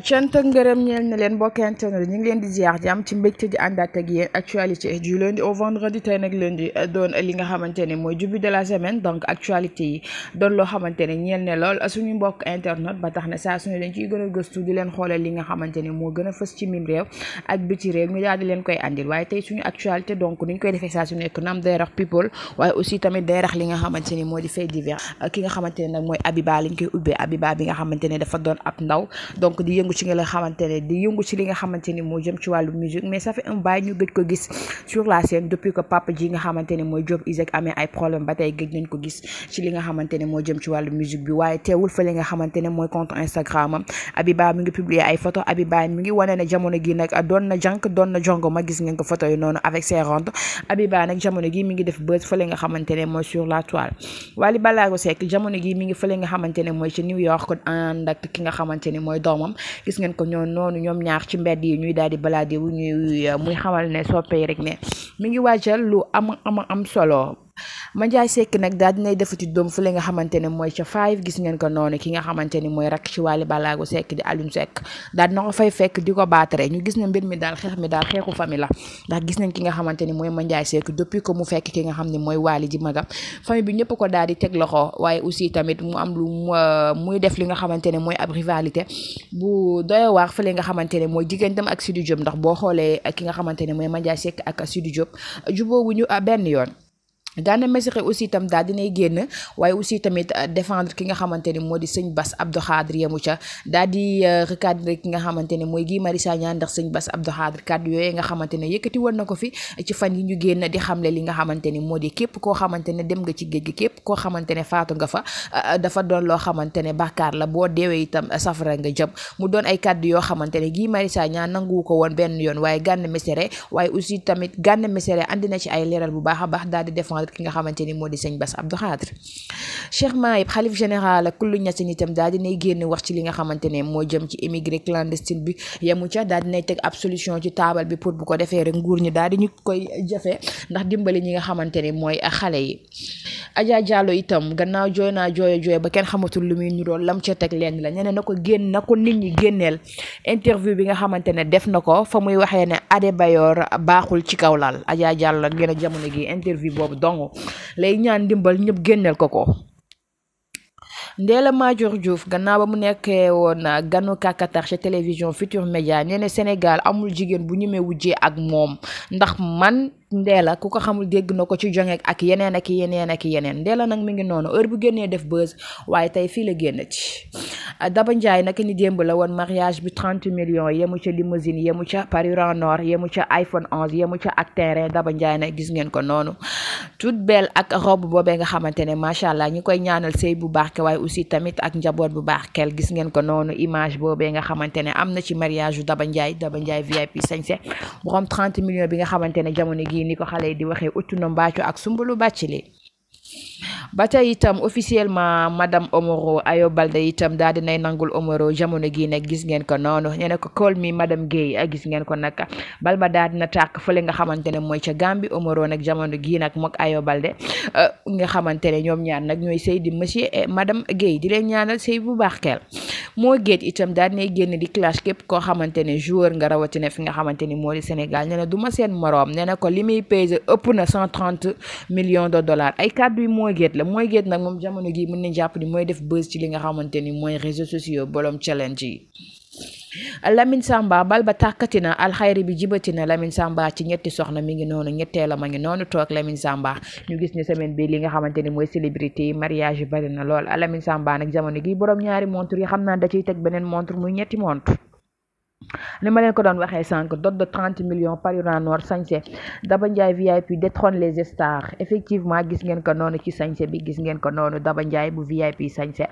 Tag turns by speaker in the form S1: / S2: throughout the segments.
S1: cant ak ngërëm ñeel na leen mbokk internet ñu ngi leen di ziar jàmm ci mbégte di àndaat ak yéen actualité leen di au vendredi tey nag euh, li nga xamante ne mooy jubbi de la semaine donc actualité yi doon loo xamante ne ñeel ne lool suñu mbokk internet ba tax na saa suñu leen ciy gën gëstu di leen xoolal li nga xamante ne moo gën a fës ci mim réew ak biti réew ñu daal di leen koy àndil waaye tey suñu actualité donc ni ñu koy defee saa su nekk naam day rax people waaye aussi tamit day rax li nga xamante ne moo di fait divers ki nga xamante ne nag mooy Abiba lañ koy ubbee Abiba bi nga xamante ne dafa doon ab ndaw donc yëngu ci li nga xamante moo jëm ci wàllu musique mais ça fait un bail ñu gëj ko gis sur la scène depuis que papa ji nga xamante mooy Job Isaac amee ay problème ba tey gëj nañ ko gis ci li nga xamante ne jëm ci wàllu musique ko photo ak ki nga xamante mooy doomam gis ngeen ko ñoo noonu ñoom ñaar ci mbedd yi ñuy daal di balaade wu ñuy euh, muy xamal ne soppee rek ne mu ngi waajal lu am am am solo Mandiaye Seck nag daal dinay defati doom fu le nga xamante ne mooy ca gis ngeen ko noonu ki nga xamante ni mooy rak ci Wally Ballago Seck di Alioune Seck daal dina ko di ko baatare ñu gis ne mbir mi daal xeex daal xeexu famille ndax gis nañ ki nga xamante ni mooy Mandiaye Seck depuis que mu fekk ki nga xam ne mooy Wally ji magam bi ñëpp ko daal di teg loxo waaye aussi tamit mu am lu euh, muy def li nga xamante ne mooy ab rivalité bu doy waar fële nga xamante ne mooy digganteem ak Sidy Diop ndax boo xoolee ki nga xamante ne mooy Mandiaye Seck ak Sidy Diop jubóowuñu euh, benn yoon daana Mésséré aussi itam daal dinay génn waaye aussi tamit euh, défendre ki nga xamante ni moo di sëñ Bass Abdou Khadre yemu ca daal di euh, recadrer ki nga xamante ne mooy Guy Marius Sagna ndax sëñ Bass Abdou Khadre kàddu nga xamante ne yëkkati woon na ko fi fan yi ñu génn di xamle li nga xamante ni moo di képp koo xamante ne dem nga ci géej gi képp koo xamante ne faatu nga fa euh, dafa doon loo xamante ne bàkkaar la boo deewee itam safara nga jëm mu doon ay kàddu yoo xamante ne Guy Marius nanguwu ko woon benn yoon waaye Gana waaye aussi tamit Gana Mésséré andi na ci ay leeral bu baax a baax daal di défendre xamal ki nga xamante ni moo di sëñ Bass Abdou Khadre Cheikh Maïb xalif général ak kullu ñasin itam daal dinay génn wax ci li nga xamante ne moo jëm ci émigré clandestine bi yemu ca daal dinay teg ab solution ci taabal bi pour bu ko defee rek nguur ñi daal di ñu koy jafe ndax dimbali ñi nga xamante ne mooy xale yi Adja Diallo itam gannaaw jooy naa jooy jooy ba kenn xamatul lu muy niroo lam ca teg lenn la ñeneen na ko génn na ko nit ñi génneel interview bi nga xamante ne def na ko fa muy waxee ne Adebayor baaxul ci kaw laal Adja Diallo nag jamono gi interview boobu dong lay ñaan ndimbal ñëpp génneel ko ko. Ndella Madior Diouf gannaaw ba mu nekkee woon ganu kakatar ci télévision Futur Média nee na Sénégal amul jigéen bu ñemee wujjee ak moom ndax man Ndella ku ko xamul dégg na ko ci jonge ak yeneen ak yeneen ak yeneen Ndella nag mi ngi noonu heure bu génnee def buzz waaye tey fii la génn ci Daba Ndiaye nag ni démb la woon mariage bi 30 millions yemu ca limousine yemu ca Paris Nord yemu ca iPhone 11 yemu ca ak terrain Daba Ndiaye nag gis ngeen ko noonu toute belle ak robe boobee nga xamante ne macha allah ñu koy ñaanal sëy bu baax barke waaye aussi tamit ak njaboot bu baax kel gis ngeen ko noonu image boobee nga xamante ne am na ci mariage yu Daba Ndiaye Daba Ndiaye VIP sañse borom 30 millions bi nga xamante ne jamono gii ni ko xale yi di waxee uttu na mbaacu ak sumbulu bàcci lii ba tey itam officiellement madame Omoro Ayo Balde itam daal dinay nangul Omoro jamono gi nag gis ngeen ko noonu nee na ko call mi madame ak ah, gis ngeen ko nag bal ba daal dina tàkk fële nga xamante ne mooy ca Gàmbi Omoro nag jamono gi nag mook Ayo Balde ah, nga xamante ne ñoom ñaar nag ñooy sëy di ma et madame Guèye di leen ñaanal sëy bu baax keel moo géej itam daal dinay génn di clash képp koo xamante ne joueur nga rawatina fi nga xamante ni moo di Sénégal nee na du ma seen moroom nee na ko li muy pèse ëpp na 130 millions de dollars ay kàddu yi moo la mooy géet nag moom jamono gi mën nañ jàpp ni mooy def buzz ci li nga xamante ni mooy réseaux sociaux bolom challenge yi Lamine Samba bal ba tàkkati na alxayri bi jibati na Lamine Samba ci ñetti soxna mi ngi noonu ñetteela ma ngi noonu toog Lamine Samba ñu gis ne semaine bi li nga xamante ni mooy célébrité yi mariage yi bari na lool Lamine Samba nag jamono gi borom ñaari montre yi xam naa da ciy teg beneen montre muy ñetti montre ni ma leen ko doon waxee sànq dot de trente millions Paris Nord sañse Daba Ndiaye VIP détrône les stars effectivement gis ngeen ko noonu ci sañse bi gis ngeen ko noonu Daba Ndiaye bu VIP sañse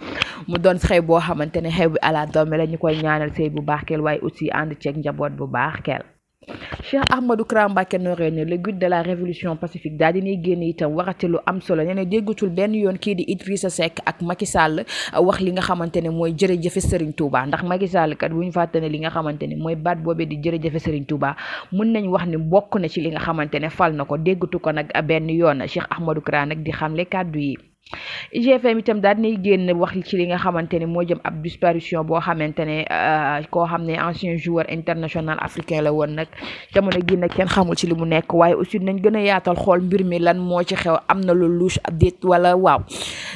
S1: mu doon xew boo xamante ne xew bi ala doome la ñu koy ñaanal sëy bu baax keel waaye aussi ànd ceeg njaboot bu baax keel Cheikh Ahmadou Kara Mbacké Noreyni le guide de la révolution pacifique daal dinay génn itam waxati lu am solo nee na benn yoon kii di Idrissa Seck ak Macky Sall wax li nga xamante ne mooy jërëjëfe Serigne Touba ndax Macky Sall kat bu ñu fàttane li nga xamante ne mooy baat boobee di jërëjëfe Serigne Touba mun nañu wax ni bokk na ci li nga xamante ne fal na ko déggatu ko nag benn yoon Cheikh Ahmadou Kara nag di xamle kàddu yi IGFM itam daal dinay génn wax ci li nga xamante ne moo jëm ab disparition boo xamante ne euh, koo xam ne ancien joueur international africain la woon nag jamono gi nag kenn xamul ci li mu nekk waaye aussi nañ gën a yaatal xool mbir mi lan moo ci xew am na lu louche ab déet wala waaw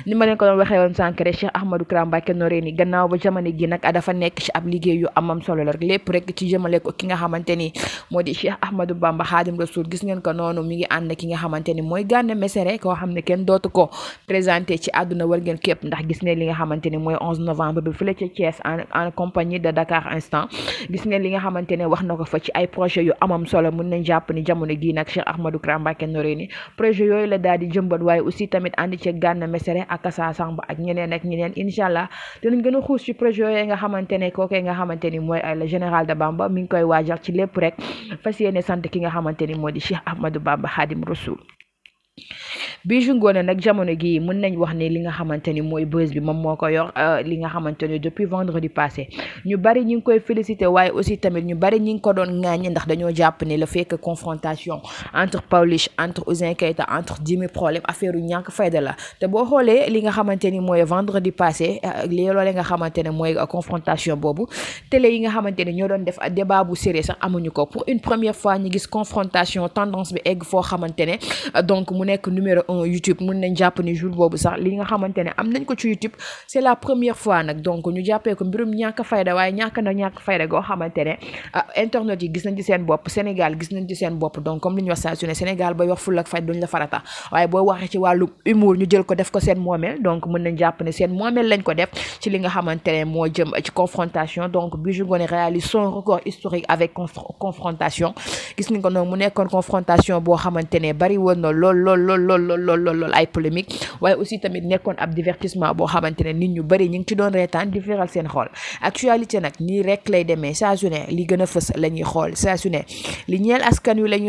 S1: ni ma leen waxee woon sànq rek Cheikh Ahmadou Kara Mbacké Noreyni gannaaw ba jamono gi nag dafa nekk ci ab liggéey yu amam solo la lépp rek ci jëmale ko ki nga xamante ni moo di Cheikh Ahmadou Bamba Khadim Rasoul gis ngeen ko noonu mi ngi ànd ki nga xamante ni mooy Gana Messere koo xam ne kenn dootu ko présenté ci àdduna war ngeen képp ndax gis ngeen li nga xamante ne mooy 11 novembre bi fële ca Thiès en compagnie de Dakar Instant gis ngeen li nga xamante ne wax na ko fa ci ay projet yu amam solo mun nañ jàpp ni jamono gii nag Cheikh Ahmadou Kara ke Noreyni projet yooyu la daal di jëmbat waaye aussi tamit ànd ci Gana Messere a Kassa Samba ak ñeneen ak ñeneen incha allah dinañ gën a xuus ci projet yooyu nga xamante ne kookee nga xamante ni mooy ay euh, le général de Bamba ngi koy waajal ci lépp rek fas sant ki nga xamante ni moo di Cheikh Ahmadou Bamba Khadim Rasoul Bijou Ngoné nak jamono gi mën nañ wax ni li nga xamanteni moy mooy buzz bi mom moko ko yor euh, li nga xamanteni depuis vendredi passé ñu bari ñing koy féliciter waaye aussi tamit ñu bari ñing ko doon ŋaañe ndax dañoo jàpp ne la fekk confrontation entre Paulish entre Ouzin Keita entre Jimmy Problème affaire ñank fayda la te bo xolé li nga xamanteni moy vendredi passé euh, li lolé nga xamanteni moy euh, confrontation bobu télé yi nga xamanteni ñoo doon def débat bu sérieux sax amuñu ko pour une première fois ñi gis confrontation tendance bi egg fo xamanteni donc mu nekk numéro YouTube mën nañ jàpp ni jour boobu sax li nga xamante ne am nañ ko ci YouTube c'est la première fois nag donc ñu jàppee ko mbirum ñàkk fayda waaye ñàkk na ñàkk fayda goo xamante ne ah, internet yi gis nañ ci seen bopp Sénégal gis nañ ci seen bopp donc comme li ñu wax saa su ne Sénégal bay wax ful ak fayda duñ la farata waaye boo waxee ci wàllu humour ñu jël ko def ko seen moomeel donc mën nañ jàpp ne seen moomeel lañ ko def ci li nga xamante ne moo jëm ci confrontation donc Bijou Ngoné réalise son record historique avec confrontation gis nañ ko noonu mu nekkoon confrontation boo xamante ne bari woon na lool lool lool lool lool lool lool ay polémique waaye aussi tamit nekkoon ab divertissement boo xamante ne nit ñu bëri ñu ci doon reetaan di feral seen xol actualité nag nii rek lay demee saa su ne li gën a fës la li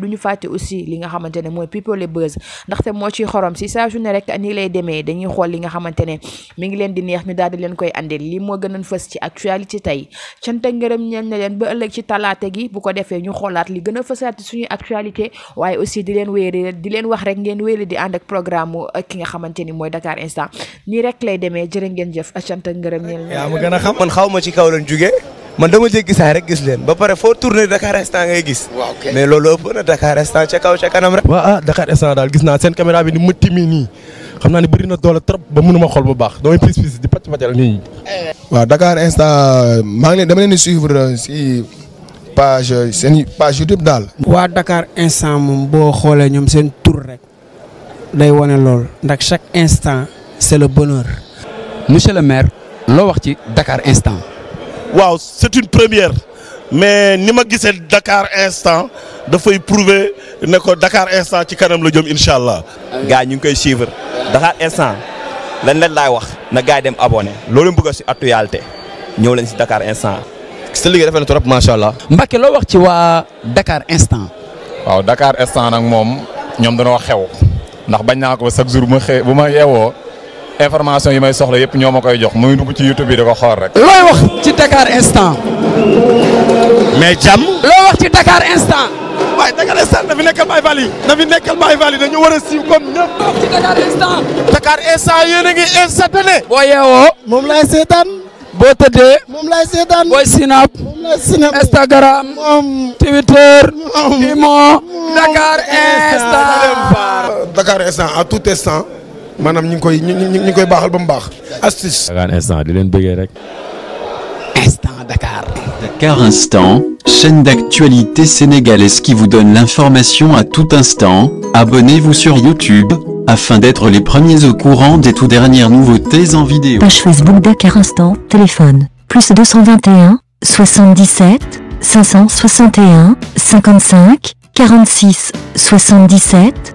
S1: du ñu fàtte aussi li nga xamante ne mooy people buzz ndaxte moo ciy xorom si saa su ne rek nii lay demee dañuy xool li nga xamante ne mi ngi leen di neex ñu daal leen koy andil li moo gën a fës ci actualité tey cant ak ngërëm ñeel na leen ba ëllëg ci talaata gi bu ko defee ñu xoolaat a wéyale di ànd ak programme mu ki nga xamante ni mooy Dakar instant nii rek lay demee jërë ngeen jëf ak ma gën gis leen ba pare foo tourné Dakar instant ngay gis. mais loolu ëpp na Dakar instant ca ah, daal gis naa seen caméra bi ni mu timi nii ne bëri na doole trop ba mënuma xool bu baax damay pis pis di pàcc pàccal maa ngi leen dama leen di suivre si page seen page YouTube daal. waa Dakar instant moom boo xoolee ñoom seen. day wane lool ndax chaque instant c'est le bonheur. monsieur le maire loo wax ci Dakar instant. Wow, c'est une première mais ni ma gisee Dakar instant faut prouver que Dakar instant ci kanam la jëm incha allah. gars ñu ngi koy suivre Dakar instant lan leen laay wax na gars yi dem abonné loolu bëgg si actualité ñëw leen si Dakar instant. ce que defee na trop macha allah. Mbacke loo wax ci waa Dakar instant. Wow, Dakar instant nag moom ñoom dañoo xew. ndax bañ naa ko chaque jour bu bu ma yeewoo information yi may soxla yëpp ñoo ma koy jox muy dugg ci YouTube bi da ko xool rek. looy wax ci Dakar instant. mais jàmm. looy wax ci Dakar instant. Dakar instant dafi ngi instantané. boo yeewoo. moom laay seetaan. boo tëddee. moom laay seetaan. Instagram. Twitter. Dakar instant. Dakar instant à tout instant manam koy Dakar instant Instant Dakar. instant chaîne d'actualité sénégalaise qui vous donne l'information à tout instant abonnez-vous sur YouTube afin d'être les premiers au courant des tout dernières nouveautés en vidéo. Page Facebook Dakar instant téléphone plus 221 77 561 55 46 77.